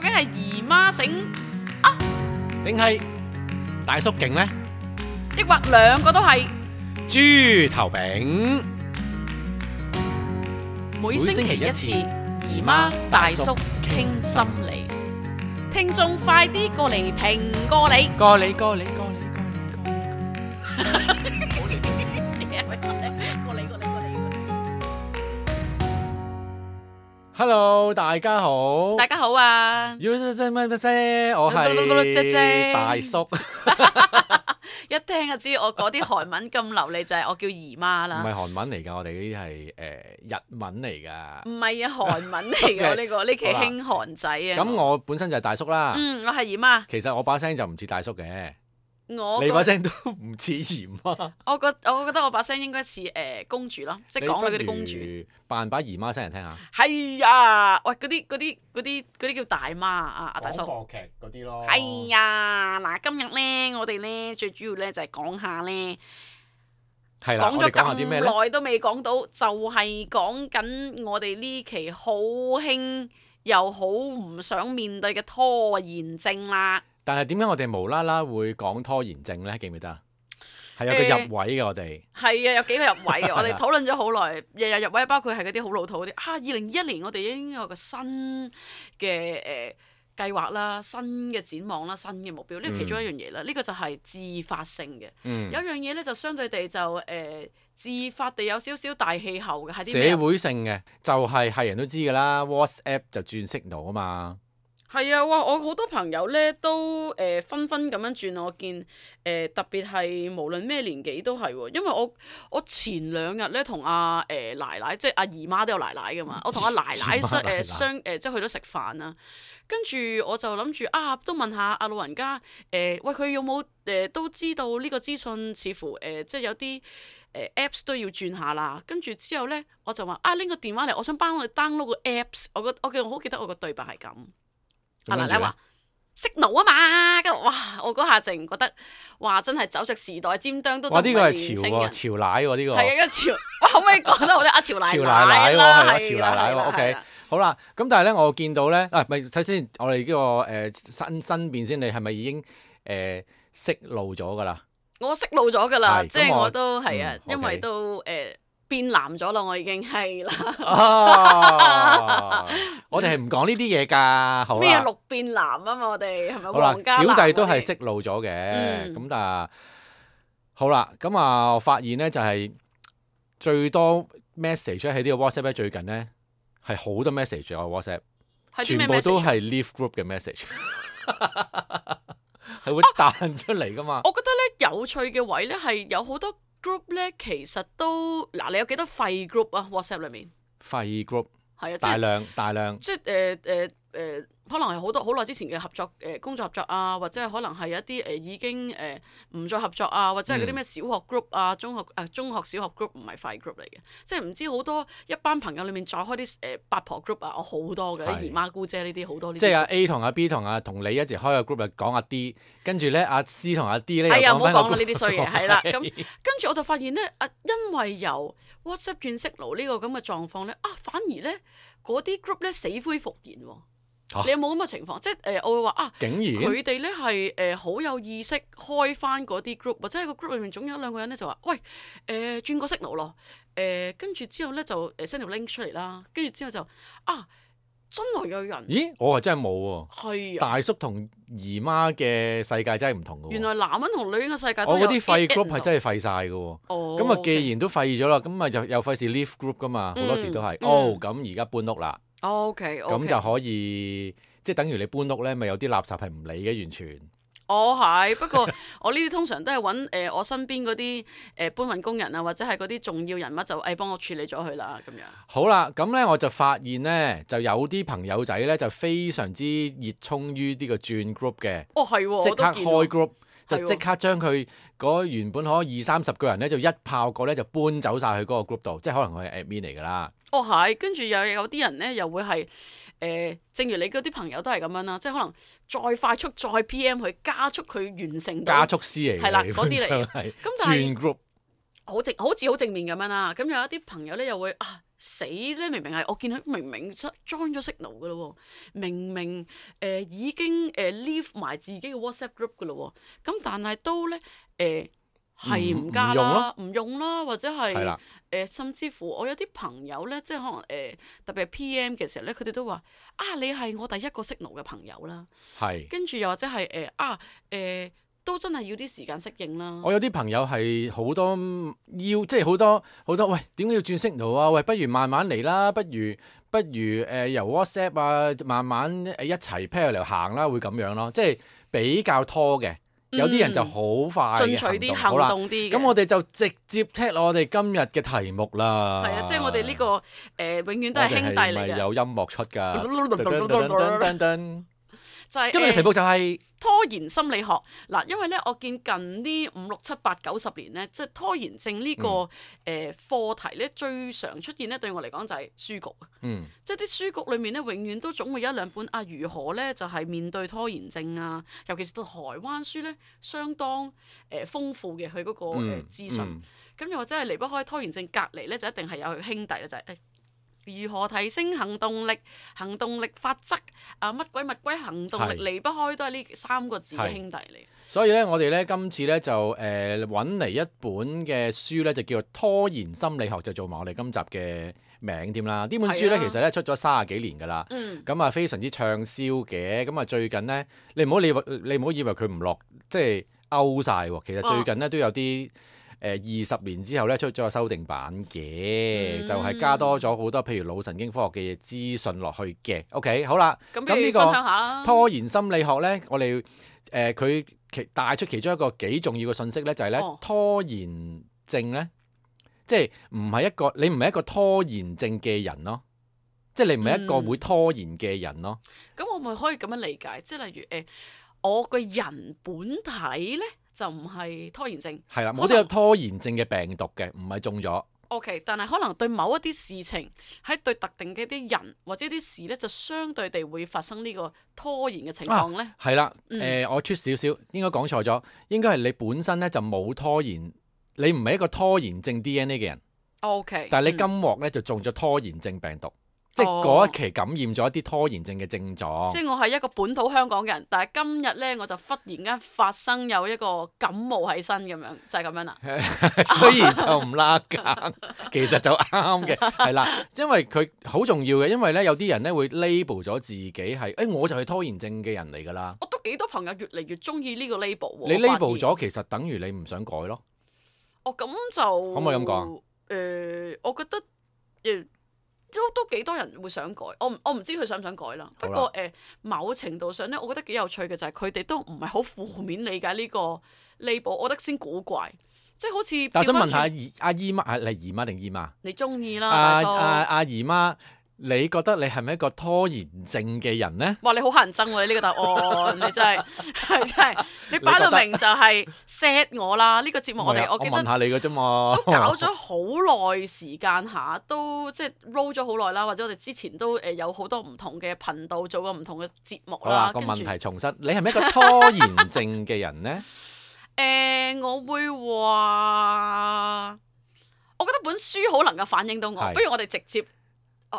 究竟係姨媽醒啊，定係大叔勁咧？抑或兩個都係豬頭餅？每星期一次，姨媽大叔傾心理，聽眾快啲過嚟評過你，過你過你。Hello，大家好。大家好啊。要聲聲咩聲？我係大叔。 一聽就知我講啲韓文咁流利就係、是、我叫姨媽啦。唔係韓文嚟㗎，我哋呢啲係誒日文嚟㗎。唔係啊，韓文嚟㗎呢個，呢期興韓仔啊。咁我本身就係大叔啦。嗯，我係姨媽。其實我把聲就唔似大叔嘅。我你把聲都唔似姨媽，我覺我覺，我覺得我把聲應該似誒公主咯，即係講女啲公主扮把姨媽聲人聽下，係啊，喂嗰啲啲啲啲叫大媽啊阿大叔，廣播劇啲咯，係啊嗱，今日咧我哋咧最主要咧就係、是、講下咧，係啦、啊，講咗咁耐都未講到，就係講緊我哋呢期好興又好唔想面對嘅拖延症啦。但係點解我哋無啦啦會講拖延症咧？記唔記得啊？係有個入位嘅我哋、欸，係啊，有幾個入位嘅 我哋討論咗好耐，日日入位，包括係嗰啲好老土嗰啲。啊，二零二一年我哋已經有個新嘅誒、呃、計劃啦，新嘅展望啦，新嘅目標呢、這個其中一樣嘢啦。呢、嗯、個就係自發性嘅，嗯、有樣嘢咧就相對地就誒、呃、自發地有少少大氣候嘅係啲咩？社會性嘅就係係人都知㗎啦，WhatsApp 就轉 signal 啊嘛。係啊！哇，我好多朋友咧都誒紛紛咁樣轉。我見誒、呃、特別係無論咩年紀都係喎，因為我我前兩日咧同阿誒奶奶，即係阿姨媽都有奶奶㗎嘛。我同阿、啊、奶奶相相誒即係去咗食飯啊，跟住我就諗住啊，都問下阿老人家誒、呃、喂，佢有冇誒、呃、都知道呢個資訊？似乎誒、呃、即係有啲誒 apps 都要轉下啦。跟住之後咧，我就話啊拎個電話嚟，我想幫你 download 個 apps。我我記我好記得我個對白係咁。啊嗱，你話識路啊嘛？咁哇，我嗰下淨覺得話真係走著時代尖端，都呢個係潮喎，潮奶喎，呢個係啊，個潮，我可唔可以講得我啲阿潮奶奶喎，係啊，潮奶奶喎，OK，好啦。咁但係咧，我見到咧，嗱，咪睇先，我哋呢個誒新新變先，你係咪已經誒識路咗㗎喇？我識路咗㗎喇，即係我都係啊，因為都誒。變藍咗啦，我已經係啦、哦。 我哋係唔講呢啲嘢㗎，好啦。咩綠變藍啊嘛，我哋係咪？是是好啦，小弟們都係識路咗嘅。咁但係，好啦，咁啊，我發現咧就係最多 message 喺呢個 WhatsApp 咧，最近咧係好多 message 啊 WhatsApp，什全部都係 Leave Group 嘅 message，係 會彈出嚟噶嘛、啊。我覺得咧有趣嘅位咧係有好多。group 咧其實都嗱、啊，你有幾多廢 group 啊？WhatsApp 裏面廢 group 係啊，大量大量，即係誒誒誒。即係呃呃呃可能係好多好耐之前嘅合作誒、呃、工作合作啊，或者係可能係一啲誒、呃、已經誒唔、呃、再合作啊，或者係嗰啲咩小學 group 啊、嗯、中學誒、呃、中學小學 group 唔係快 group 嚟嘅，即係唔知好多一班朋友裏面再開啲誒、呃、八婆 group 啊，我好多嘅姨媽姑姐呢啲好多呢啲 group 呢。即係阿 A 同阿 B 同啊同你一齊開個 group 啊講阿 D，跟住咧阿 C 同阿 D 咧又講翻呢啲衰嘢係啦咁，跟住我就發現咧啊，因為由 WhatsApp 轉 Signal 呢個咁嘅狀況咧啊，反而咧嗰啲 group 咧死灰復燃。你有冇咁嘅情況？即係誒，我會話啊，竟然佢哋咧係誒好有意識開翻嗰啲 group，或者係個 group 裏面總有一兩個人咧就話，喂，誒轉個色腦咯，誒跟住之後咧就誒 send 條 link 出嚟啦，跟住之後就啊，真係有人。咦，我話真係冇喎。係啊。大叔同姨媽嘅世界真係唔同嘅。原來男人同女人嘅世界都。我嗰啲廢 group 係真係廢晒㗎喎。咁啊，既然都廢咗啦，咁啊又又費事 leave group 㗎嘛，好多時都係。哦。咁而家搬屋啦。OK，咁就可以，即係等於你搬屋咧，咪有啲垃圾係唔理嘅完全。哦，係，不過我呢啲通常都係揾誒，我身邊嗰啲誒搬運工人啊，或者係嗰啲重要人物就誒幫我處理咗佢啦，咁樣。好啦，咁咧我就發現咧，就有啲朋友仔咧就非常之熱衷於呢個轉 group 嘅。哦係，即刻開 group。就即刻將佢原本可能二三十個人咧，就一炮過咧就搬走晒去嗰個 group 度，即係可能佢係 admin 嚟㗎啦。哦，係，跟住有有啲人咧又會係誒、呃，正如你嗰啲朋友都係咁樣啦，即係可能再快速再 PM 去加速佢完成。加速，加速師嚟嘅，係啦的，嗰啲嚟。咁些 但係，好正，好似好正面咁樣啦。咁有一啲朋友咧又會啊。死咧！明明係我見到明明 join 咗 signal 噶咯，明明誒、呃、已經誒 leave 埋自己嘅 WhatsApp group 噶咯，咁但係都咧誒係唔加啦，唔、嗯、用，用啦，或者係誒的、呃、甚至乎我有啲朋友咧，即係可能誒、呃、特別係 P.M. 嘅時候咧，佢哋都話啊，你係我第一個 signal 嘅朋友啦，跟住又或者係誒、呃、啊誒。呃都真係要啲時間適應啦。我有啲朋友係好多要，即係好多好多喂，點解要轉 Signal 啊？喂，不如慢慢嚟啦，不如不如誒由 WhatsApp 啊，慢慢誒一齊 pair 嚟行啦，會咁樣咯，即係比較拖嘅。有啲人就好快。進取啲，行動啲。咁我哋就直接踢 a 我哋今日嘅題目啦。係啊，即係我哋呢個誒永遠都係兄弟嚟嘅。有音樂出噶。就係、是、今日嘅題目就係、是、拖延心理學嗱，因為咧我見近呢五六七八九十年咧，即係拖延症呢個誒課題咧最常出現咧，對我嚟講就係書局啊，即係啲書局裏面咧永遠都總會有一兩本啊，如何咧就係、是、面對拖延症啊，尤其是到台灣書咧相當誒、呃、豐富嘅佢嗰個誒資訊，咁又、嗯嗯、或者係離不開拖延症，隔離咧，就一定係有佢兄弟啦，就係、是、誒。如何提升行動力？行動力法則啊，乜鬼乜鬼行動力離不開是都係呢三個字嘅兄弟嚟。所以咧，我哋咧今次咧就誒揾嚟一本嘅書咧，就叫做《拖延心理學》，就做埋我哋今集嘅名添啦。呢本書咧其實咧出咗三十幾年㗎啦，咁啊、嗯、非常之暢銷嘅。咁啊最近呢，你唔好理你你唔好以為佢唔落，即係勾晒喎。其實最近咧都有啲。哦誒二十年之後咧，出咗個修訂版嘅，嗯、就係加多咗好多譬如腦神經科學嘅資訊落去嘅。O、okay? K，好啦，咁呢、嗯、個拖延心理學咧，我哋誒佢其帶出其中一個幾重要嘅信息咧，就係、是、咧拖延症咧，哦、即係唔係一個你唔係一個拖延症嘅人咯，即係你唔係一個會拖延嘅人咯。咁、嗯嗯、我咪可，可以咁樣理解，即係例如誒、呃，我個人本體咧。就唔係拖延症，係啦能，我、啊、都有拖延症嘅病毒嘅，唔係中咗。O、okay, K，但係可能對某一啲事情，喺對特定嘅啲人或者啲事呢，就相對地會發生呢個拖延嘅情況呢？係啦、啊，誒、啊，呃嗯、我出少少，應該講錯咗，應該係你本身呢就冇拖延，你唔係一個拖延症 D N A 嘅人。O Okay , K，但係你今鑊呢就中咗拖延症病毒。即係嗰一期感染咗一啲拖延症嘅症狀，哦。即係我係一個本土香港嘅人，但係今日咧我就忽然間發生有一個感冒喺身咁樣，就係、是、咁樣啦。雖 然就唔拉㗎， 其實就啱嘅，係啦， 因為佢好重要嘅，因為咧有啲人咧會 label 咗自己係，誒、哎、我就係拖延症嘅人嚟㗎啦。我都幾多朋友越嚟越中意呢個 label，你 label 咗其實等於你唔想改咯。哦，咁就可唔可以咁講？誒，我覺得都都幾多人會想改？我唔我唔知佢想唔想改啦。不過誒吧、呃，某程度上咧，我覺得幾有趣嘅就係佢哋都唔係好負面理解呢、這個利保，我覺得先古怪，即係好似。但我想問下姨阿姨媽啊，係、啊、姨媽定、啊、姨媽？姨媽你中意啦，阿阿、啊啊、姨媽。你覺得你係咪一個拖延症嘅人呢？哇！你好乞人憎喎、啊，呢個答案 你真係係真係，你擺到明就係 set 我啦。呢、這個節目我哋、啊、我，記我問下你嘅啫嘛， 都搞咗好耐時間嚇，都即係 roll 咗好耐啦。或者我哋之前都誒有好多唔同嘅頻道做過唔同嘅節目啦。啊、後個問題重申，你係咪一個拖延症嘅人呢？誒、 呃，我會話。我覺得本書好能夠反映到我，的不如我哋直接。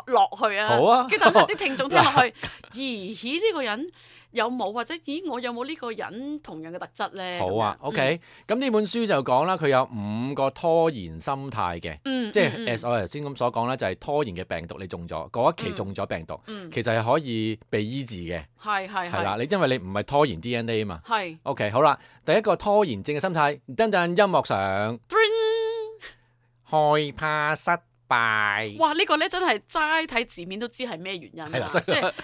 落去啊，跟住等啲聽眾聽落去，咦？呢個人有冇或者咦？我有冇呢個人同樣嘅特質咧？好啊，OK。咁呢本書就講啦，佢有五個拖延心態嘅，即係 as 我頭先咁所講啦，就係拖延嘅病毒你中咗嗰一期，中咗病毒，其實係可以被醫治嘅。係係係啦，你因為你唔係拖延 DNA 啊嘛。係 OK。好啦，第一個拖延症嘅心態，等陣音樂上，害怕失。哇！這個、呢個咧真係齋睇字面都知係咩原因啦，即係是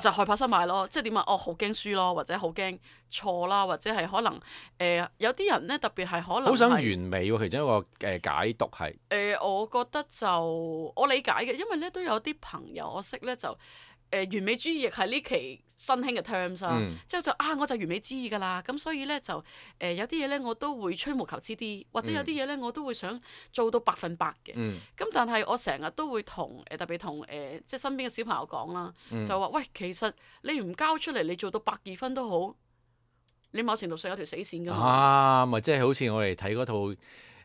就害怕失敗咯，即係點啊？哦，好驚輸咯，或者好驚錯啦，或者係可能誒、呃，有啲人咧特別係可能好想完美、啊、其中一個誒、呃、解讀係誒、呃，我覺得就我理解嘅，因為咧都有啲朋友我識咧就誒、呃、完美主義亦係呢期。新興嘅 terms 之、啊、後、嗯、就啊我就完美主義㗎喇，咁所以咧就誒、呃、有啲嘢咧我都會吹毛求疵啲，或者有啲嘢咧我都會想做到百分百嘅。咁、嗯、但係我成日都會同誒特別同誒即係身邊嘅小朋友講啦，嗯、就話喂，其實你唔交出嚟，你做到百二分都好，你某程度上有條死線㗎嘛。啊，咪即係好似我哋睇嗰套誒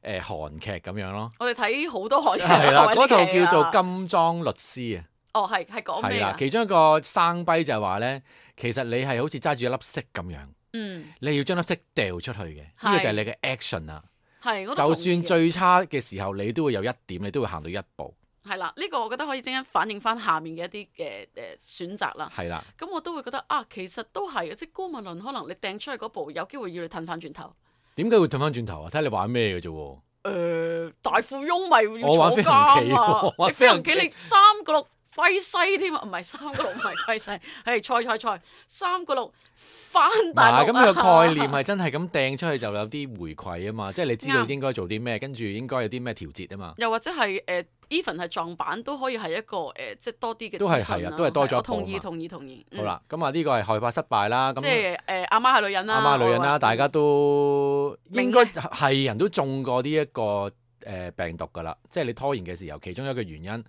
韓劇咁樣咯。我哋睇好多韓劇，係啦，嗰套叫做《金裝律師》啊。啊啊哦，係係講咩啊？係啦，其中一個生悲就係話咧，其實你係好似揸住一粒色咁樣，嗯，你要將粒色掉出去嘅，呢個就係你嘅 action 啦。係，就算最差嘅時候，你都會有一點，你都會行到一步。係啦，呢個我覺得可以即刻反映翻下面嘅一啲嘅誒選擇啦。係啦，咁我都會覺得啊，其實都係嘅，即係高文倫可能你掟出去嗰步有機會要你褪翻轉頭。點解會褪翻轉頭啊？睇你玩咩嘅啫喎。誒，大富翁咪要坐監啊？玩飛行棋，你三個六。輝西添啊，唔係三個六唔係輝西，係菜菜菜三個六翻大陸咁，啊！咁、這個概念係真係咁掟出去就有啲回饋啊嘛， 即係你知道應該做啲咩，跟住、嗯、應該有啲咩調節啊嘛。又或者係誒 even 係撞板都可以係一個誒、呃，即係多啲嘅都係係啊，都係多咗。我同意，同意，同意。嗯、好啦，咁啊呢個係害怕失敗啦。咁即係誒，阿媽係女人啦，阿媽女人啦，嗯、大家都應該係人都中過呢一個誒病毒㗎啦。即係你拖延嘅時候，其中一個原因。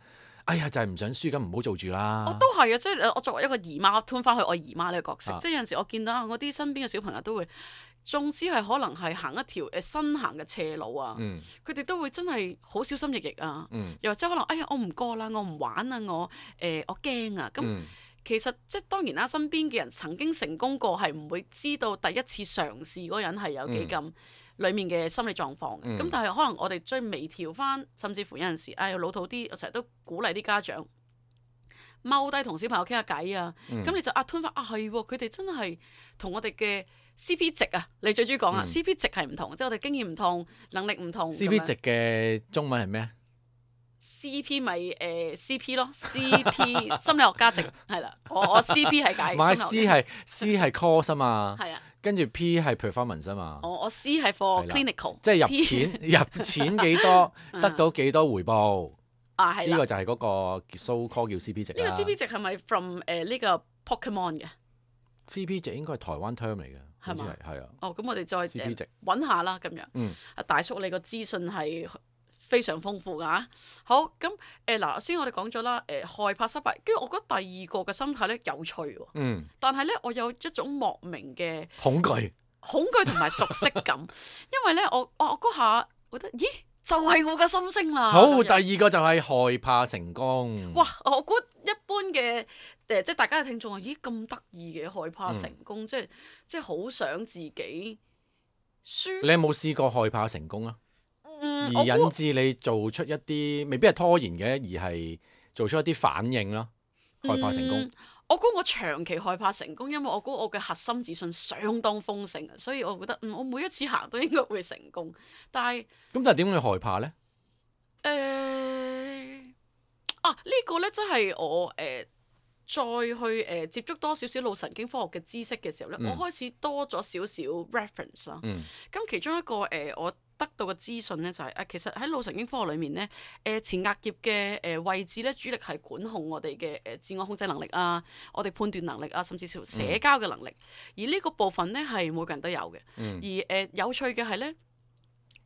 哎呀，就係、是、唔想輸咁，唔好做住啦。我都係啊，即係我作為一個姨媽，我吞翻去我姨媽呢個角色。啊、即係有陣時我見到啊，我啲身邊嘅小朋友都會，縱使係可能係行一條誒新行嘅斜路啊，佢哋、嗯、都會真係好小心翼翼啊。又或者可能，哎呀，我唔過啦，我唔玩我、呃、我啊，我誒我驚啊。咁、嗯、其實即係當然啦、啊，身邊嘅人曾經成功過，係唔會知道第一次嘗試嗰人係有幾咁。嗯裏面嘅心理狀況，咁、嗯、但係可能我哋再微調翻，甚至乎有陣時，唉、哎、老土啲，我成日都鼓勵啲家長踎低同小朋友傾下偈啊，咁、嗯、你就啊吞 u r n 翻啊係，佢哋真係同我哋嘅 CP 值啊，你最中意講啊，CP 值係唔同，即、就、係、是、我哋經驗唔同，能力唔同。CP 值嘅中文係咩啊？CP 咪、就、誒、是呃、CP 咯，CP 心理學家值係啦，我我 CP 係解釋。買 C 係 C 係 c o u r s e 啊嘛。係啊。跟住 P 係 performance 嘛，我我、oh, C 係 for clinical，即係、就是、入錢 P. 入錢幾多 得到幾多回報啊，係呢個就係嗰個 so call 叫 CP 值。呢個 CP 值係咪 from 誒、uh, 呢個 Pokemon 嘅？CP 值應該係台灣 term 嚟嘅，係嘛？係啊。哦，咁、oh, 我哋再 CP 值，揾、uh, 下啦咁樣。嗯，阿大叔你個資訊係非常豐富啊！好咁誒嗱，先、呃、我哋講咗啦誒，害怕失敗。跟住我覺得第二個嘅心態咧有趣喎，嗯，但係咧我有一種莫名嘅恐懼，恐懼同埋熟悉感，恐懼 因為咧我我嗰下我覺得，咦，就係、是、我嘅心聲啦。好，第二個就係害怕成功。哇！我估一般嘅誒、呃，即係大家嘅聽眾啊，咦，咁得意嘅害怕成功，嗯、即係即係好想自己輸。你有冇試過害怕成功啊？而引致你做出一啲未必係拖延嘅，而係做出一啲反應咯，害怕成功。嗯、我估我長期害怕成功，因為我估我嘅核心自信相當豐盛，所以我覺得嗯，我每一次行都應該會成功。但係咁，但係點會害怕呢？誒、呃，啊、這個、呢個呢，真係我誒。呃再去誒、呃、接觸多少少腦神經科學嘅知識嘅時候咧，嗯、我開始多咗少少 reference 啦。咁、嗯、其中一個誒、呃，我得到嘅資訊咧就係、是、啊，其實喺腦神經科學裏面咧，誒、呃、前額葉嘅誒位置咧，主力係管控我哋嘅誒自我控制能力啊，我哋判斷能力啊，甚至乎社交嘅能力。嗯、而呢個部分咧係每個人都有嘅。嗯、而誒、呃、有趣嘅係咧，誒、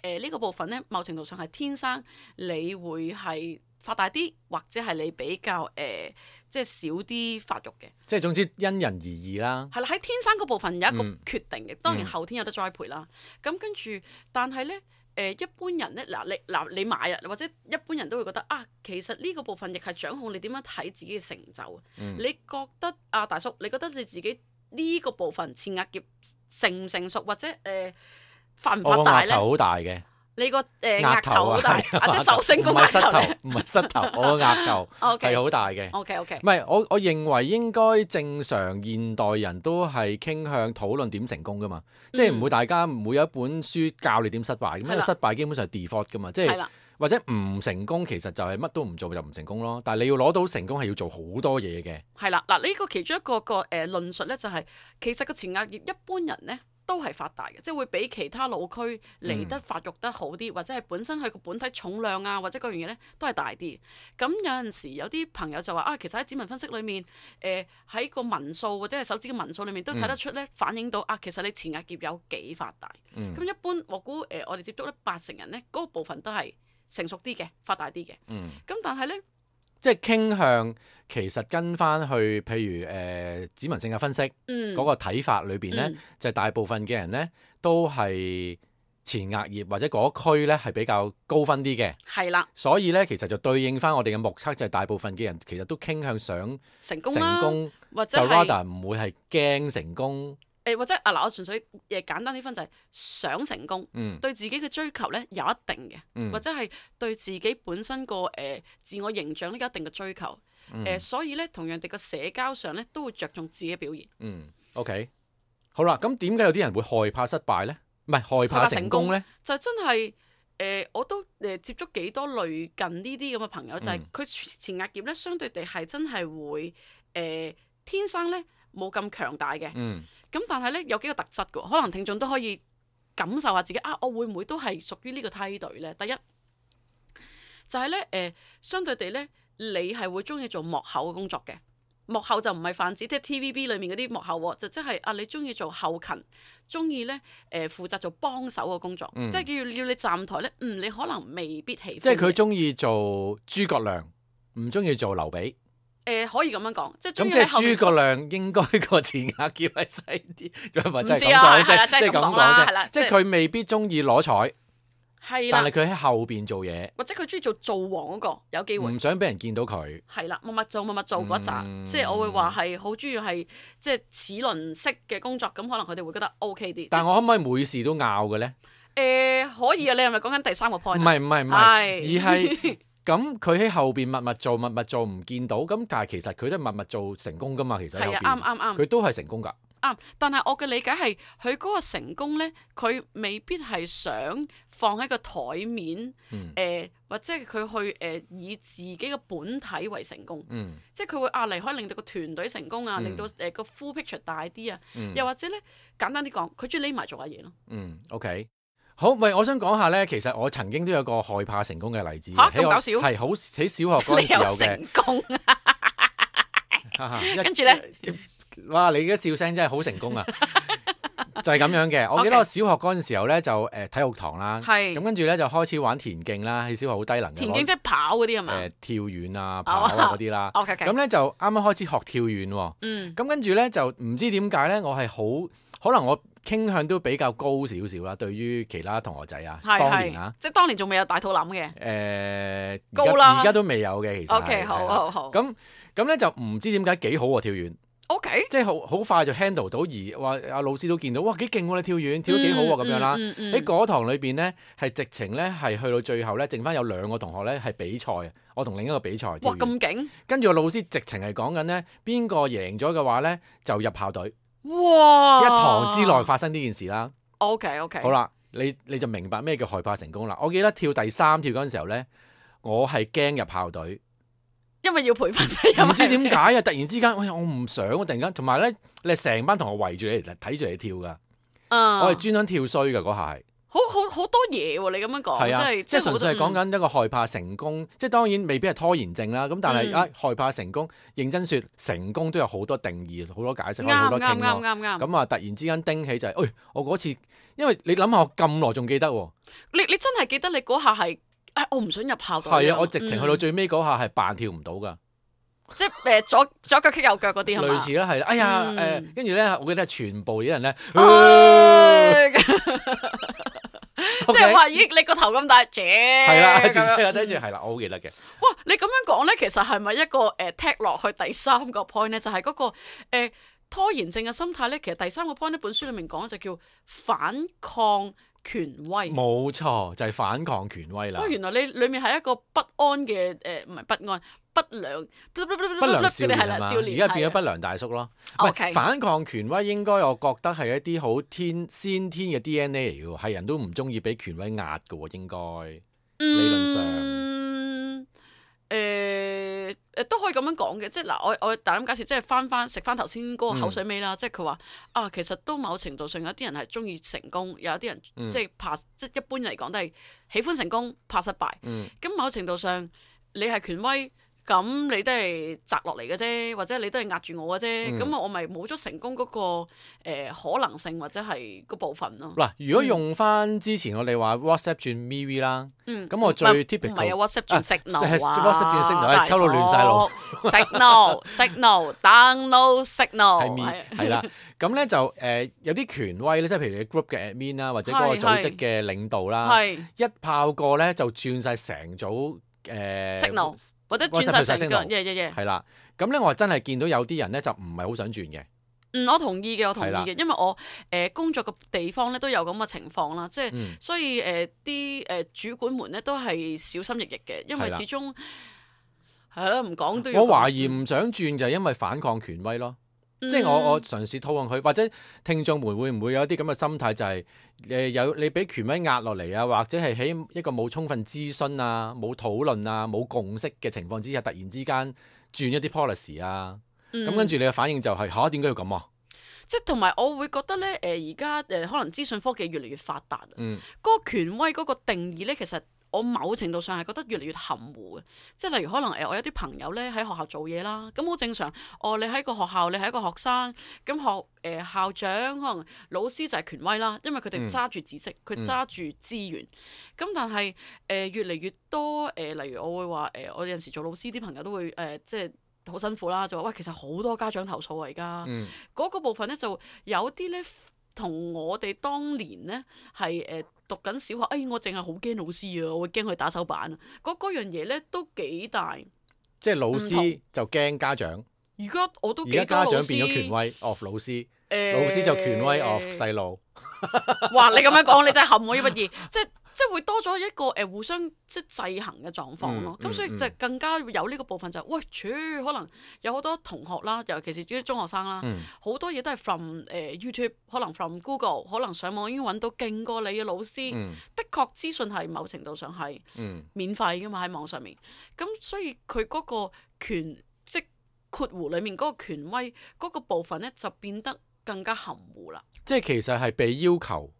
呃、呢、這個部分咧，某程度上係天生，你會係。發大啲，或者係你比較誒、呃，即係少啲發育嘅。即係總之因人而異啦。係啦，喺天生嗰部分有一個決定嘅，嗯、當然後天有得栽培啦。咁跟住，但係咧，誒、呃，一般人咧，嗱、呃，你嗱、呃，你買啊，或者一般人都會覺得啊，其實呢個部分亦係掌控你點樣睇自己嘅成就。嗯、你覺得啊，大叔，你覺得你自己呢個部分前額葉成唔成熟，或者誒、呃、發唔發大咧？個額頭好大嘅。你個誒額頭好大，或者壽星個額頭，唔係膝頭，唔係 膝頭，膝頭 我個額頭係好大嘅。OK OK，唔係我我認為應該正常現代人都係傾向討論點成功噶嘛，即係唔會大家唔會有一本書教你點失敗，咁樣、嗯、失敗基本上係 default 噶嘛，即係的或者唔成功其實就係乜都唔做就唔成功咯。但係你要攞到成功係要做好多嘢嘅。係啦，嗱、這、呢個其中一個個誒論述咧就係，其實個前額葉一般人咧，都係發達嘅，即係會比其他老區嚟得發育得好啲，嗯、或者係本身佢個本體重量啊，或者嗰樣嘢咧都係大啲。咁有陣時有啲朋友就話啊，其實喺指紋分析裏面，誒、呃、喺個紋數或者係手指嘅紋數裏面都睇得出咧，嗯、反映到啊，其實你前額葉有幾發達。咁、嗯、一般我估誒、呃，我哋接觸呢八成人咧，嗰、嗰個部分都係成熟啲嘅，發達啲嘅。咁、嗯、但係咧，即係傾向。其實跟翻去，譬如誒、欸、指紋性嘅分析嗰個睇法裏邊咧，嗯嗯、就大部分嘅人咧都係前額葉或者嗰區咧係比較高分啲嘅。係啦的，所以咧其實就對應翻我哋嘅目測，就係大部分嘅人其實都傾向想成功啦，或者係 rather 唔會係驚成功。誒、呃，或者啊嗱，我純粹誒、呃、簡單啲分就係、是、想成功，嗯、對自己嘅追求咧有一定嘅，或者係對自己本身個誒、呃、自我形象都有一定嘅追求。誒，嗯、所以咧，同樣地個社交上咧，都會着重自己表現。嗯，OK，好啦，咁點解有啲人會害怕失敗咧？唔係害怕成功咧？就係、真係誒、呃，我都誒接觸幾多類近呢啲咁嘅朋友，就係佢前額葉咧，相對地係真係會誒、呃、天生咧冇咁強大嘅。嗯，咁但係咧有幾個特質嘅，可能聽眾都可以感受下自己啊，我會唔會都係屬於呢個梯隊咧？第一就係咧誒，相對地咧。你係會中意做幕後嘅工作嘅，幕後就唔係泛指，即係 TVB 裏面嗰啲幕後，就即係啊，你中意做後勤，中意咧誒負責做幫手嘅工作，嗯、即係叫要你站台咧，嗯，你可能未必喜歡。即係佢中意做諸葛亮，唔中意做劉備。誒、呃，可以咁樣講，即係中意。咁即係諸葛亮應該個字額叫尾細啲，就係或者，即係咁講，即係佢未必中意攞彩。係啦，但係佢喺後邊做嘢，或者佢中意做做王嗰、那個有機會唔想俾人見到佢係啦，默默做默默做嗰一扎、嗯，即係我會話係好中意係即係齒輪式嘅工作咁，可能佢哋會覺得 OK 啲。但我可唔可以每事都拗嘅咧？誒、呃，可以啊。你係咪講緊第三個 point？唔係唔係唔係，嗯、唉而係咁佢喺後邊默默做默默做唔見到咁，但係其實佢都係默默做成功噶嘛。其實後邊啱啱啱，佢、啊、都係成功噶。啱、啊，但係我嘅理解係佢嗰個成功咧，佢未必係想。放喺個台面，誒、嗯呃、或者佢去誒、呃、以自己嘅本體為成功，嗯、即係佢會離開令到個團隊成功啊，嗯、令到誒個、呃、full picture 大啲啊，嗯、又或者咧簡單啲講，佢中意匿埋做下嘢咯。嗯，OK，好，喂，我想講下咧，其實我曾經都有個害怕成功嘅例子嚇，咁搞笑係好喺小學嗰時你有嘅，成功、啊， 一跟住咧哇，你嘅笑聲真係好成功啊！ 就係咁樣嘅，我記得我小學嗰陣時候咧，就誒體育堂啦，咁跟住咧就開始玩田徑啦。喺小學好低能嘅，田徑即係跑嗰啲係咪？誒跳遠啊，跑嗰啲啦。OK OK。咁咧就啱啱開始學跳遠喎。嗯。咁跟住咧就唔知點解咧，我係好可能我傾向都比較高少少啦，對於其他同學仔啊，當年啊，即係當年仲未有大肚腩嘅。誒高啦，而家都未有嘅，其實 OK，好好好。咁咁咧就唔知點解幾好喎跳遠。O.K. 即係好好快就 handle 到，而話阿老師都見到，哇，幾勁喎，你跳遠跳得幾好喎。咁、嗯、樣啦，喺嗰堂裏邊咧係直情咧係去到最後咧剩返有兩個同學咧係比賽，我同另一個比賽。跳，哇！咁勁！跟住個老師直情係講緊咧邊個贏咗嘅話咧就入校隊。哇！一堂之內發生呢件事啦。O.K.O.K. Okay, okay. 好啦，你你就明白咩叫害怕成功啦。我記得跳第三跳嗰陣時候咧，我係驚入校隊。因為要培訓費，唔知點解啊！突然之間、哎，我唔想，突然間，同埋咧，你成班同學圍住你嚟睇住你跳噶，啊、我係專登跳衰噶嗰下係，好好好多嘢、啊，你咁樣講，即係即係純粹係講緊一個害怕成功，即、嗯、係當然未必係拖延症啦，咁但係啊害怕成功，認真說成功都有好多定義，好多解釋，好多啱啱。咁啊突然之間叮起就係、是，誒、哎、我嗰次，因為你諗下我咁耐仲記得，你你真係記得你嗰下係。誒、哎，我唔想入校隊，係啊，我直情去到最尾嗰下係扮跳唔到噶，即係誒左左腳踢右腳嗰啲係類似啦，係啦。哎呀，誒、嗯，跟住咧，我記得係全部啲人咧，即係話咦，你個頭咁大，係啦，全真啊，跟住係啦，我好記得嘅。哇，你咁樣講咧，其實係咪一個誒、呃、踢落去第三個 point 咧，就係、是、嗰、那個誒、呃、拖延症嘅心態咧？其實第三個 point 呢本書裏面講就叫反抗。權威冇錯，就係、是、反抗權威啦。哇！原來你裡面係一個不安嘅誒，唔、呃、係不，不安，不良 bl ub bl ub bl ub 不良少年啊嘛。而家吧年變咗不良大叔咯。啊、反抗權威應該我覺得係一啲好天先天嘅 DNA 嚟嘅喎，係人都唔中意俾權威壓㗎喎，應該理論上。嗯都可以咁樣講嘅，即係嗱，我我大膽假設，即係翻翻食翻頭先嗰個口水尾啦，嗯、即係佢話啊，其實都某程度上有啲人係中意成功，有啲人即係怕，即係、嗯、一般嚟講都係喜歡成功怕失敗。咁、嗯、某程度上，你係權威。咁你都係摘落嚟嘅啫，或者你都係壓住我嘅啫。咁我咪冇咗成功嗰個誒可能性，或者係嗰部分咯。嗱，如果用翻之前我哋話 WhatsApp 轉 MV 啦，咁我最 typical 唔係啊 WhatsApp 轉 Signal 啊，WhatsApp 轉 Signal，溝到亂曬路。Signal，Signal，download Signal，係咪？係啦。咁咧就誒有啲權威咧，即係譬如你 group 嘅 admin 啦，或者嗰個組織嘅領導啦，一炮過咧就轉曬成組誒。或者轉晒成個人，係、yeah, 啦、yeah, yeah.。咁咧，我真係見到有啲人咧就唔係好想轉嘅。嗯，我同意嘅，我同意嘅，因為我誒工作嘅地方咧都有咁嘅情況啦，即係的所以誒啲誒主管們咧都係小心翼翼嘅，因為始終係咯，唔講的都要。我懷疑唔想轉就係因為反抗權威咯。即係我、嗯、我，我嘗試討論佢，或者聽眾們會唔會有一啲咁嘅心態，就係、是、誒有你俾權威壓落嚟啊，或者係喺一個冇充分諮詢啊、冇討論啊、冇共識嘅情況之下，突然之間轉一啲 policy 啊，咁、嗯、跟住你嘅反應就係、是、吓？點解要咁啊？啊即係同埋我會覺得咧，誒而家誒可能資訊科技越嚟越發達，嗯、個權威嗰個定義咧其實。我某程度上係覺得越嚟越含糊嘅，即係例如可能誒，我有啲朋友咧喺學校做嘢啦，咁好正常。哦，你喺個學校，你係一個學生，咁學誒、呃、校長可能老師就係權威啦，因為佢哋揸住知識，佢揸住資源。咁、嗯、但係誒、呃、越嚟越多誒、呃，例如我會話誒、呃，我有陣時做老師，啲朋友都會誒、呃，即係好辛苦啦，就話喂，其實好多家長投訴啊而家。嗰、嗯、個部分咧就有啲咧同我哋當年咧係誒。讀緊小學，哎，我淨係好驚老師啊，我會驚佢打手板啊，嗰嗰樣嘢咧都幾大。即係老師同就驚家長。而家我都而家家長變咗權威 of 老師，欸、老師就權威 of 細路。 哇，你咁樣講，你真係陷我於不義， 即係。即係會多咗一個誒、呃、互相即係制衡嘅狀況咯，咁、嗯嗯、所以就更加有呢個部分就是、喂，可能有好多同學啦，尤其是啲中學生啦，好、嗯、多嘢都係 from 誒、呃、YouTube，可能 from Google，可能上網已經揾到勁過你嘅老師，嗯、的確資訊係某程度上係、嗯、免費嘅嘛喺網上面，咁所以佢嗰個權即括弧裡面嗰個權威嗰、嗰個部分咧，就變得更加含糊啦。即係其實係被要求。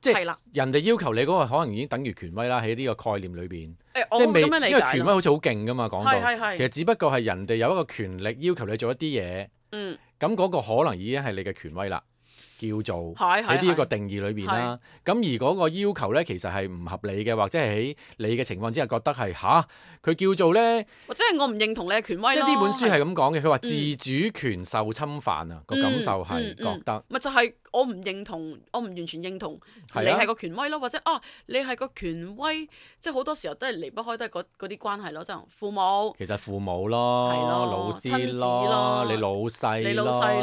即係人哋要求你嗰個可能已經等於權威啦，喺呢個概念裏邊。誒、欸，我咁樣理解，因為權威好似好勁噶嘛，講到，係係係其實只不過係人哋有一個權力要求你做一啲嘢。嗯，咁嗰個可能已經係你嘅權威啦。叫做喺呢一個定義裏邊啦。咁而嗰個要求咧，其實係唔合理嘅，或者喺你嘅情況之下覺得係吓，佢叫做咧，或者我唔認同你嘅權威。即係呢本書係咁講嘅，佢話自主權受侵犯啊，個感受係覺得。咪就係我唔認同，我唔完全認同你係個權威咯，或者啊你係個權威，即係好多時候都係離不開都係嗰啲關係咯，即父母。其實父母咯，老師咯，你老細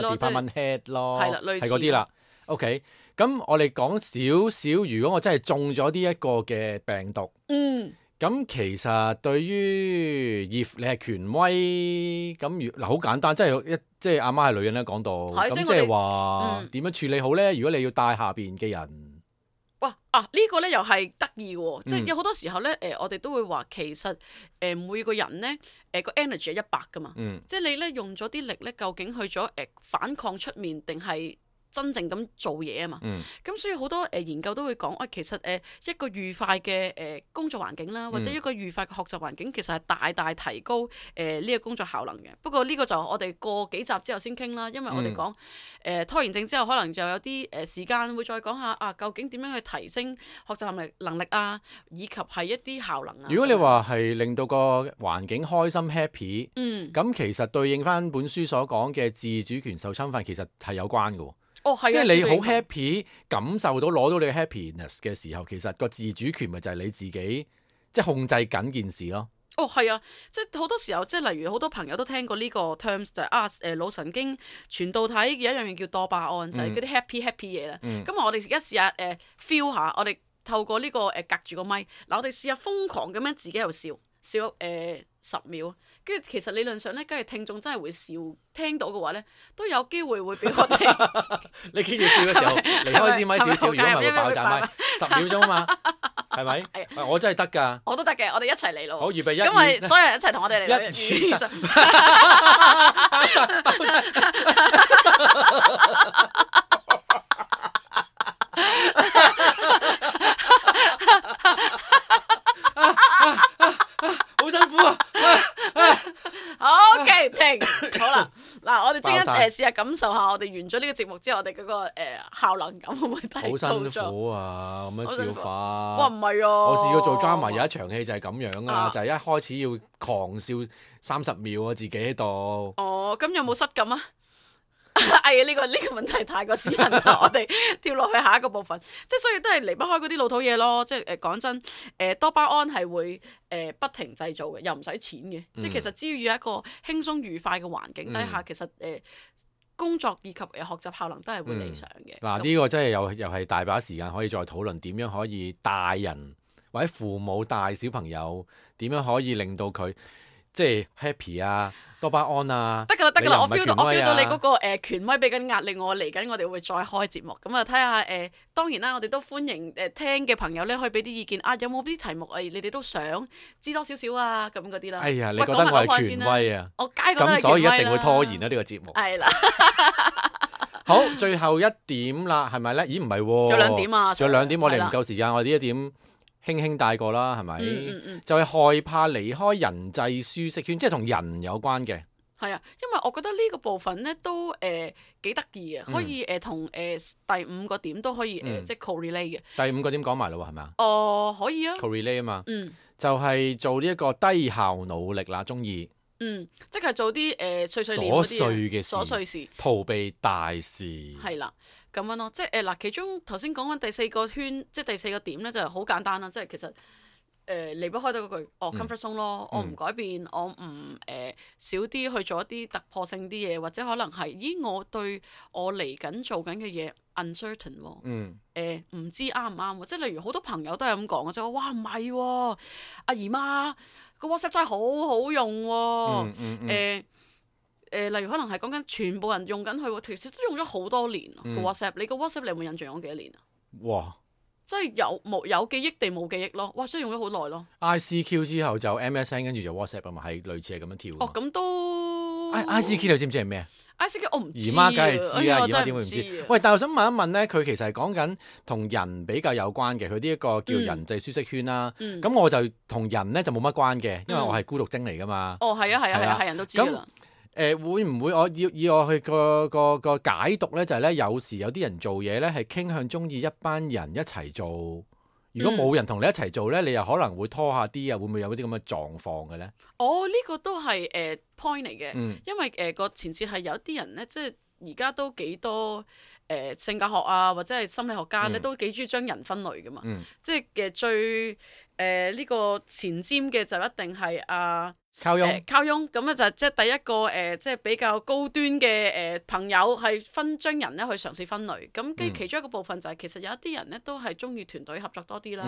咯 department head 咯，係啦，類似。O.K. 咁我哋講少少，如果我真係中咗呢一個嘅病毒，嗯，咁其實對於葉，如果你係權威，咁如嗱好簡單，即係一即係阿媽係女人咧，講到咁即係話點樣處理好咧？如果你要帶下邊嘅人，哇啊呢、這個咧又係得意嘅，即係有好多時候咧，誒、呃、我哋都會話，其實誒、呃、每個人咧，誒個 energy 係一百㗎嘛，即係你咧用咗啲力咧，究竟去咗誒、呃、反抗出面定係？真正咁做嘢啊嘛，咁、嗯、所以好多誒研究都會講，喂、哎，其實誒一個愉快嘅誒工作環境啦，嗯、或者一個愉快嘅學習環境，其實係大大提高誒呢、呃這個工作效能嘅。不過呢個就我哋過幾集之後先傾啦，因為我哋講誒拖延症之後，可能就有啲誒時間會再講下啊，究竟點樣去提升學習能力能力啊，以及係一啲效能啊。如果你話係令到個環境開心 happy，嗯，咁其實對應翻本書所講嘅自主權受侵犯，其實係有關嘅。哦，係啊、即係你好 happy，感受到攞到你嘅 happiness 嘅時候，其實個自主權咪就係你自己，即係控制緊件事咯。哦，係啊，即係好多時候，即係例如好多朋友都聽過呢個 terms 就係啊、呃，誒腦神經傳導體有一樣嘢叫多巴胺，就係嗰啲 happy happy 嘢啦。咁、嗯、我哋而家試下誒 feel 下，我哋透過呢、呢個誒、呃、隔住個咪，嗱，我哋試下瘋狂咁樣自己喺度笑笑誒。呃十秒，跟住其實理論上咧，跟住聽眾真係會笑，聽到嘅話咧都有機會會俾我哋。你記住笑嘅時候，離開支咪少少，如果唔係會爆炸。咪十秒鐘啊嘛，係咪？我真係得㗎，我都得嘅，我哋一齊嚟咯。好，預備一，因為所有人一齊同我哋嚟。一、O.K. 停， 好啦，嗱，我哋即刻誒試下感受下，我哋完咗呢個節目之後，我哋嗰、嗰個、呃、效能感會唔會提高咗？好辛苦啊，咁樣笑法？哇，唔係啊！我試過做 drama 有一場戲就係咁樣啊，就係一開始要狂笑三十秒啊，自己喺度、哦嗯嗯。哦，咁、嗯哦、有冇失感啊？ 哎呀，呢、這個呢、這個問題太過私人啦， 我哋跳落去下一個部分，即係所以都係離不開嗰啲老土嘢咯。即係誒講真，誒、呃、多巴胺係會誒、呃、不停製造嘅，又唔使錢嘅。嗯、即係其實只要有一個輕鬆愉快嘅環境底下，嗯、其實誒、呃、工作以及誒學習效能都係會理想嘅。嗱、嗯，呢、啊、那個真係又又係大把時間可以再討論點樣可以大人或者父母帶小朋友點樣可以令到佢。即係 happy 啊，多巴胺啊，得㗎啦，得㗎啦，我 feel 到，我 feel 到你嗰個誒權威俾緊壓力，我嚟緊，我哋會再開節目，咁啊睇下誒，當然啦，我哋都歡迎誒聽嘅朋友咧，可以俾啲意見啊，有冇啲題目啊，你哋都想知多少少啊，咁嗰啲啦。哎呀，你講咪權威先啦，我街講係權威咁所以一定會拖延啦呢個節目。係啦。好，最後一點啦，係咪咧？咦，唔係喎。有兩點啊。仲有兩點，我哋唔夠時間，我哋呢一點。輕輕帶過啦，係咪？嗯嗯嗯、就係害怕離開人際舒適圈，即係同人有關嘅。係啊，因為我覺得呢個部分咧都誒幾得意嘅，呃嗯、可以誒同誒第五個點都可以誒、呃、即係 correlate 嘅。第五個點講埋啦喎，係咪啊？哦、呃，可以啊。correlate 啊嘛。嗯。就係做呢一個低效努力啦，中意，嗯，即係做啲誒碎碎念嘅瑣碎事。逃避大事。係啦、啊。咁樣咯，即係誒嗱，其中頭先講緊第四個圈，即係第四個點咧，就係、是、好簡單啦，即係其實誒、呃、離不開到嗰句，我、哦、comfort zone 咯、嗯，我唔改變，我唔誒、呃、少啲去做一啲突破性啲嘢，或者可能係，咦我對我嚟緊做緊嘅嘢 uncertain 喎，誒唔、哦嗯呃、知啱唔啱，即係例如好多朋友都係咁講嘅，即哇唔係喎，阿姨媽個 WhatsApp 真係好，好好用喎、哦，嗯嗯嗯呃誒、呃，例如可能係講緊全部人用緊佢，其實都用咗好多年個 WhatsApp。嗯、Wh 你個 WhatsApp 你有冇印象咗幾多年啊哇？哇！即係有冇有記憶地冇記憶咯。哇，真係用咗好耐咯。ICQ 之後就 MSN，跟住就 WhatsApp 啊嘛，係類似係咁樣跳。哦，咁都 ICQ 你知唔知係咩啊？ICQ 我唔知。姨媽梗係知啊，哎、知姨媽點會唔知？ 喂，但係我想問一問咧，佢其實係講緊同人比較有關嘅，佢呢一個叫人際舒適圈啦、啊嗯。嗯。咁我就同人咧就冇乜關嘅，因為我係孤獨精嚟噶嘛、嗯。哦，係啊，係啊，係啊，啊，人都知啦。嗯誒、呃、會唔會我我？我要以我去個個個解讀咧，就係咧，有時有啲人做嘢咧，係傾向中意一班人一齊做。如果冇人同你一齊做咧，你又可能會拖下啲，又會唔會有啲咁嘅狀況嘅咧？哦，呢、這個都係誒 point 嚟嘅，嗯、因為誒個、呃、前節係有啲人咧，即係而家都幾多誒、呃、性格學啊，或者係心理學家咧，嗯、都幾中意將人分類㗎嘛。嗯、即係嘅、呃、最。誒，呢、呃、這個前瞻嘅就一定係阿、啊、靠佣擁、呃，靠佣咁啊，就即係第一個誒，即、呃、係、就是、比較高端嘅誒朋友係分將人咧去嘗試分類。咁跟其中一個部分就係、是嗯、其實有一啲人咧都係中意團隊合作多啲啦，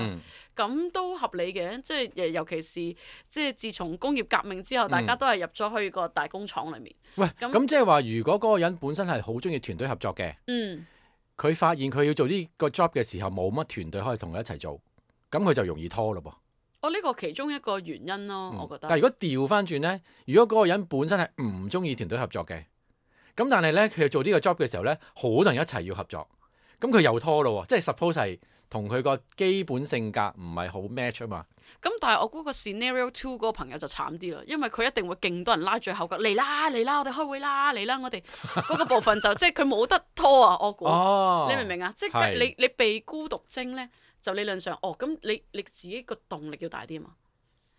咁、嗯、都合理嘅。即係誒，尤其是即係自從工業革命之後，嗯、大家都係入咗去個大工廠裏面。喂，咁即係話，如果嗰個人本身係好中意團隊合作嘅，嗯，佢發現佢要做呢個 job 嘅時候冇乜團隊可以同佢一齊做。咁佢就容易拖咯噃，哦，呢、這個其中一個原因咯，嗯、我覺得。但係如果調翻轉咧，如果嗰個人本身係唔中意團隊合作嘅，咁但係咧佢做呢個 job 嘅時候咧，好多人一齊要合作，咁佢又拖咯，即係 suppose 係同佢個基本性格唔係好 match 啊嘛。咁、嗯、但係我估個 scenario two 嗰個朋友就慘啲啦，因為佢一定會勁多人拉最後㗎，嚟啦嚟啦，我哋開會啦，嚟啦，我哋嗰 個部分就即係佢冇得拖啊，我估。哦。你明唔明啊？即係你你被孤獨精咧。是就理論上，哦，咁你你自己個動力要大啲啊嘛，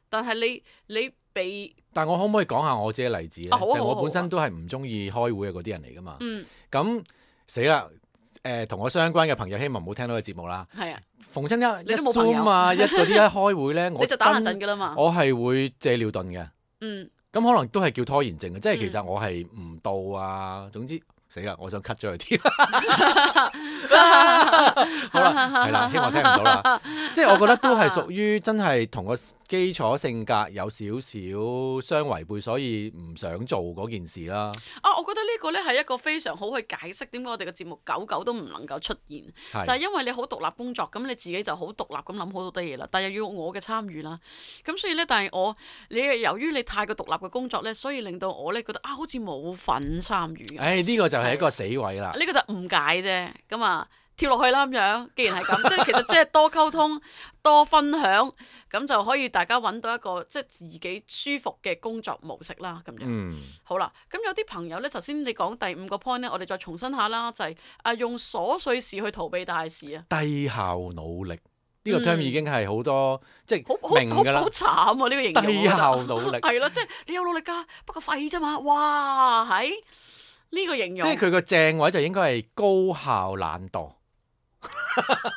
但係你你俾，但係我可唔可以講下我自己例子咧？啊、就我本身都係唔中意開會嘅嗰啲人嚟噶嘛。嗯。咁死啦，誒，同、呃、我相關嘅朋友希望唔好聽到個節目啦。係啊。逢親一，你都冇啊嘛，一嗰啲一開會咧，我 就打冷震㗎啦嘛。我係會借尿遁嘅。嗯。咁可能都係叫拖延症嘅，即係其實我係唔到啊，總之、嗯。死啦！我想 cut 咗佢添。好啦，係啦，希望聽唔到啦。 即係我覺得都係屬於真係同個基礎性格有少少相違背，所以唔想做嗰件事啦。啊，我覺得呢個咧係一個非常好去解釋點解我哋嘅節目久久都唔能夠出現，是就係因為你好獨立工作，咁你自己就好獨立咁諗好多啲嘢啦，但係又要我嘅參與啦。咁所以咧，但係我你由於你太過獨立嘅工作咧，所以令到我咧覺得啊，好似冇份參與。誒、哎，呢、呢個就係、係。係一個死位啦！呢個就誤解啫，咁啊跳落去啦咁樣。既然係咁， 即係其實即係多溝通、多分享，咁就可以大家揾到一個即係自己舒服嘅工作模式啦。咁樣、嗯、好啦。咁有啲朋友咧，頭先你講第五個 point 咧，我哋再重申下啦，就係、是、啊用瑣碎事去逃避大事啊。低效努力呢、呢個 term 已經係、嗯、好多即係明㗎好，好慘啊！呢、呢個型低效努力係啦，即係覺 你有努力㗎，不過廢啫嘛。哇！係。呢個形容，即係佢個正位就應該係高效懶惰，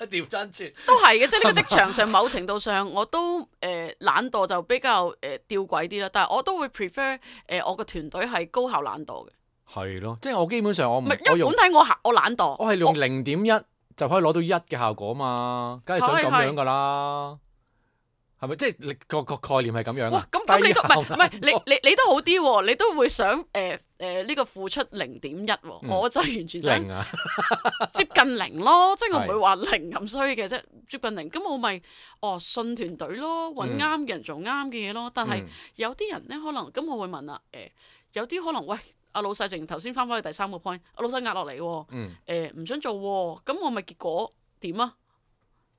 吊 真穿傳都係嘅。即係呢個職場上，某程度上我都誒、呃、懶惰就比較誒、呃、吊詭啲啦。但係我都會 prefer 誒、呃、我個團隊係高效懶惰嘅。係咯，即係我基本上我唔可因為本體我我懶惰，我係用零點一就可以攞到一嘅效果嘛，梗係想咁樣噶啦。係咪即係你個個概念係咁樣、啊？咁咁你都唔係唔係你你你都好啲喎、哦，你都會想誒誒呢個付出零點一喎，嗯、我就完全想零、啊、 接近零咯、哦，即係我唔會話零咁衰嘅即啫，是接近零。咁我咪哦信團隊咯，揾啱嘅人做啱嘅嘢咯。嗯、但係有啲人咧，可能咁我會問啦、啊、誒、呃，有啲可能喂阿老細，剩頭先翻返去第三個 point，阿老細壓落嚟喎，唔、嗯呃、想做喎，咁我咪結果點啊？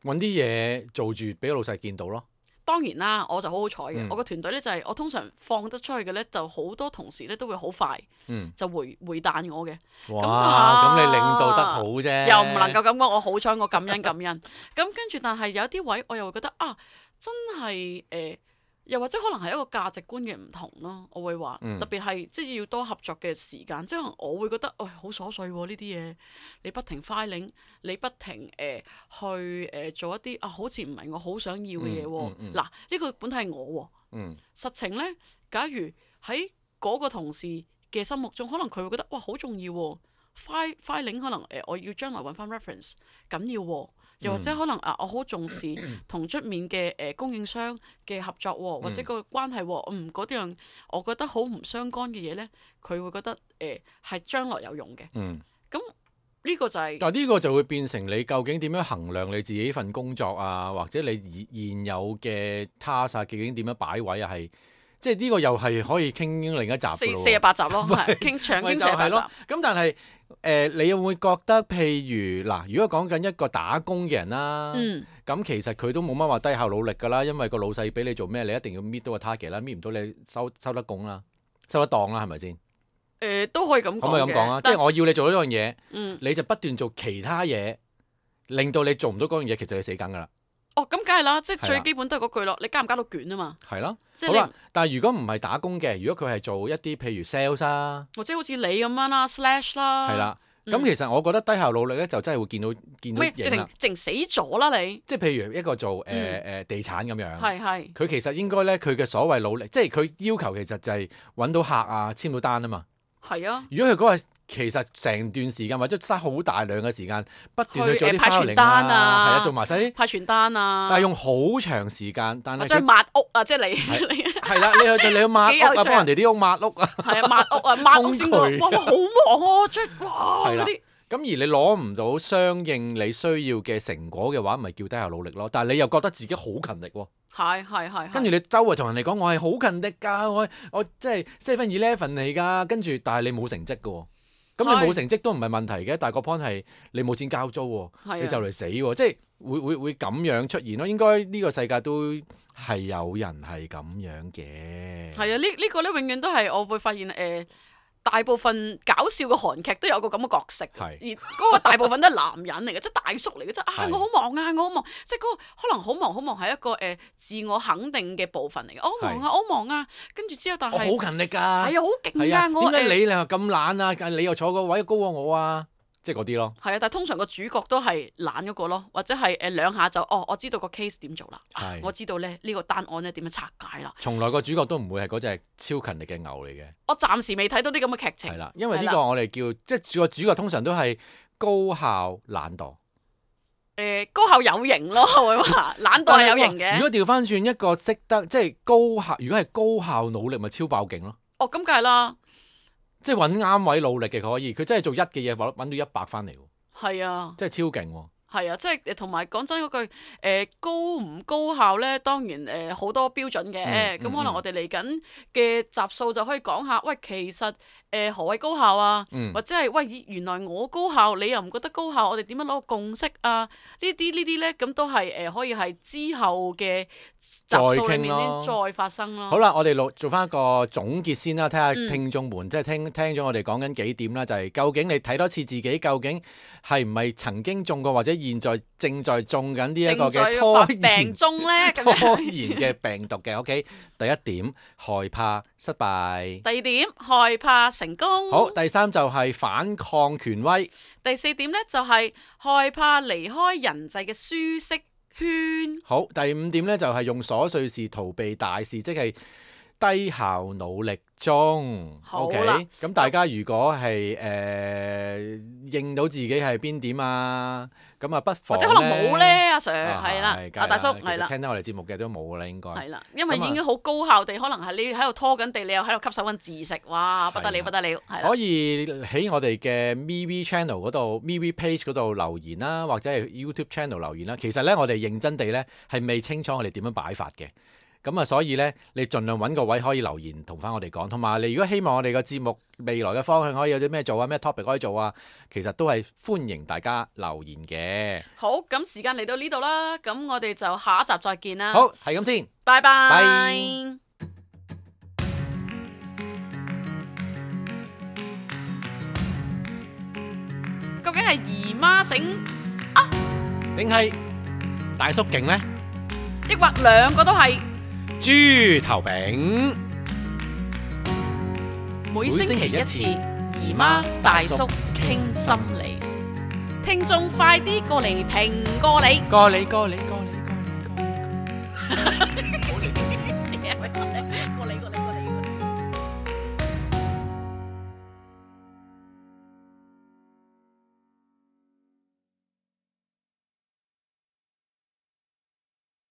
揾啲嘢做住俾老細見到咯。當然啦，我就好好彩嘅，嗯、我個團隊咧就係、是、我通常放得出去嘅咧，就好多同事咧都會好快就回回彈我嘅。哇！咁樣、啊、你領導得好啫，又唔能夠咁講。我好彩，我感恩感恩。咁跟住，但係有啲位我又會覺得啊，真係誒。呃又或者可能係一個價值觀嘅唔同咯，我會話、嗯、特別係即係要多合作嘅時間，即係我會覺得，喂、哎，好瑣碎呢啲嘢，你不停 filing，你不停誒、呃、去誒、呃、做一啲啊，好似唔係我好想要嘅嘢、哦。嗱、嗯，呢、嗯嗯呢個本體係我、哦，嗯、實情咧，假如喺嗰個同事嘅心目中，可能佢會覺得，哇，好重要，file、哦、filing 可能誒，我要將來揾翻 reference 緊要喎、哦。又或者可能啊，我好重視同出面嘅誒供應商嘅合作，或者個關係，嗯，嗰啲我覺得好唔相干嘅嘢咧，佢會覺得誒係、呃、將來有用嘅。嗯，咁呢個就係嗱呢個就會變成你究竟點樣衡量你自己份工作啊，或者你現有嘅 task、啊、究竟點樣擺位啊？係即係呢個又係可以傾另一集咯，四十八集咯，傾 長傾長咯。咁 但係。誒、呃，你會覺得譬如嗱，如果講緊一個打工嘅人啦，咁、嗯、其實佢都冇乜話低效努力㗎啦，因為個老細俾你做咩，你一定要搣到個 target 啦，搣唔到你收收得工啦，收得檔啦，係咪先？誒、呃，都可以咁講。咁可以咁講啊，的即係我要你做呢樣嘢，嗯、你就不斷做其他嘢，令到你做唔到嗰樣嘢，其實你死梗㗎啦。哦，咁梗係啦，即係最基本都係嗰句咯，的你加唔加到卷啊嘛？係咯的，即好啦。但係如果唔係打工嘅，如果佢係做一啲譬如 sales 啊，或者好似你咁樣啦、啊、，slash 啦、啊，係啦的。咁、嗯、其實我覺得低效努力咧，就真係會見到見到人啦。淨死咗啦、啊、你！即係譬如一個做誒誒、呃嗯、地產咁樣，係係，佢其實應該咧，佢嘅所謂努力，即係佢要求，其實就係搵到客啊，簽到單啊嘛。係啊！如果佢嗰日其實成段時間或者嘥好大量嘅時間，不斷去做啲派傳單啊，係啊，做埋晒啲派傳單啊，但係用好長時間，但係佢抹屋啊，即、就、係、是、你，係啦是，你去、啊、你去抹屋啊，啊幫人哋啲屋抹屋啊，係啊，抹屋啊， 抹屋先到，哇哇好忙啊，出哇嗰啲。咁、啊、些而你攞唔到相應你需要嘅成果嘅話，咪叫低下努力咯。但係你又覺得自己好勤力喎。係係係，跟住你周圍同人哋講，我係好近的㗎，我我即係 Seven Eleven 嚟㗎，跟住但係你冇成績嘅，咁你冇成績都唔係問題嘅，是但係個 point 係你冇錢交租，啊、你就嚟死，即係會會會咁樣出現咯。應該呢個世界都係有人係咁樣嘅。係啊，呢、呢、呢個咧、呢個、永遠都係我會發現誒。呃大部分搞笑嘅韓劇都有個咁嘅角色，是而嗰個大部分都係男人嚟嘅，即係 大叔嚟嘅，即、哎、啊我好忙啊我好忙，即係嗰個可能好忙好忙係一個誒、呃、自我肯定嘅部分嚟嘅，是我好忙啊我好忙啊，跟住、啊、之後但係我好勤力㗎，係啊好勁㗎，啊、我點解你你又咁懶啊？你又坐個位高過我啊？即係嗰啲咯，係啊！但係通常個主角都係懶嗰個咯，或者係誒、呃、兩下就哦，我知道個 case 點做啦係，啊，我知道咧呢、呢個單案咧點樣拆解啦。從來個主角都唔會係嗰隻超勤力嘅牛嚟嘅。我暫時未睇到啲咁嘅劇情。係啦，因為呢個我哋叫即係個主角通常都係高效懶惰。誒、呃，高效有型咯，會、哎、話 懶惰係有型嘅。 如果調翻轉一個識得即係高效，如果係高效努力，咪超爆勁咯。 哦，咁梗係啦。即係揾啱位努力嘅可以，佢真係做一嘅嘢揾到一百翻嚟喎。係啊，真係超勁喎。係啊，即係同埋講真嗰句誒、呃、高唔高效咧，當然誒好、呃、多標準嘅。咁、嗯、可能我哋嚟緊嘅集數就可以講下，喂，其實。誒何謂高效啊？或者係喂，原來我高效，你又唔覺得高效？我哋點樣攞個共識啊？呢啲呢啲咧，咁都係誒可以係之後嘅集數入面先再發生啦。好啦，我哋攞做翻一個總結先啦，睇下聽眾們即係聽聽咗我哋講緊幾點啦，就係究竟你睇多次自己，究竟係唔係曾經中過或者現在正在中緊呢一個嘅拖延中咧？拖延嘅病毒嘅。O K，第一點害怕失敗。第二點害怕成功，好，第三就係反抗權威。第四點呢就係害怕離開人際嘅舒適圈。好，第五點呢就係用瑣碎事逃避大事，即係。低效努力中了，OK，咁大家如果係誒那、呃、認到自己係邊點啊？咁啊，不妨或者可能冇咧，阿 Sir，係啦、啊，阿的大叔係啦，聽得我哋節目嘅都冇啦，應該係啦，因為已經好高效地，可能係你喺度拖緊地，你又喺度吸收緊知識，哇，不得了，的不得了，係可以喺我哋嘅 MeWe Channel 嗰度、MeWe Page 嗰度留言啦，或者係 YouTube Channel 留言啦。其實咧，我哋認真地咧係未清楚我哋點樣擺法嘅。咁啊，所以呢，你盡量揾個位可以留言同返我哋講，同埋你如果希望我哋個節目未來嘅方向可以有啲咩做啊，咩 topic 可以做啊，其實都係歡迎大家留言嘅。好，咁時間嚟到呢度啦，咁我哋就下一集再見啦。好，係咁先，拜拜。究竟係姨媽醒啊，定係大叔勁呢？抑或兩個都係？豬頭餅，每星期一次。姨媽大叔傾心理，聽眾快啲過嚟評過你。過你過你過。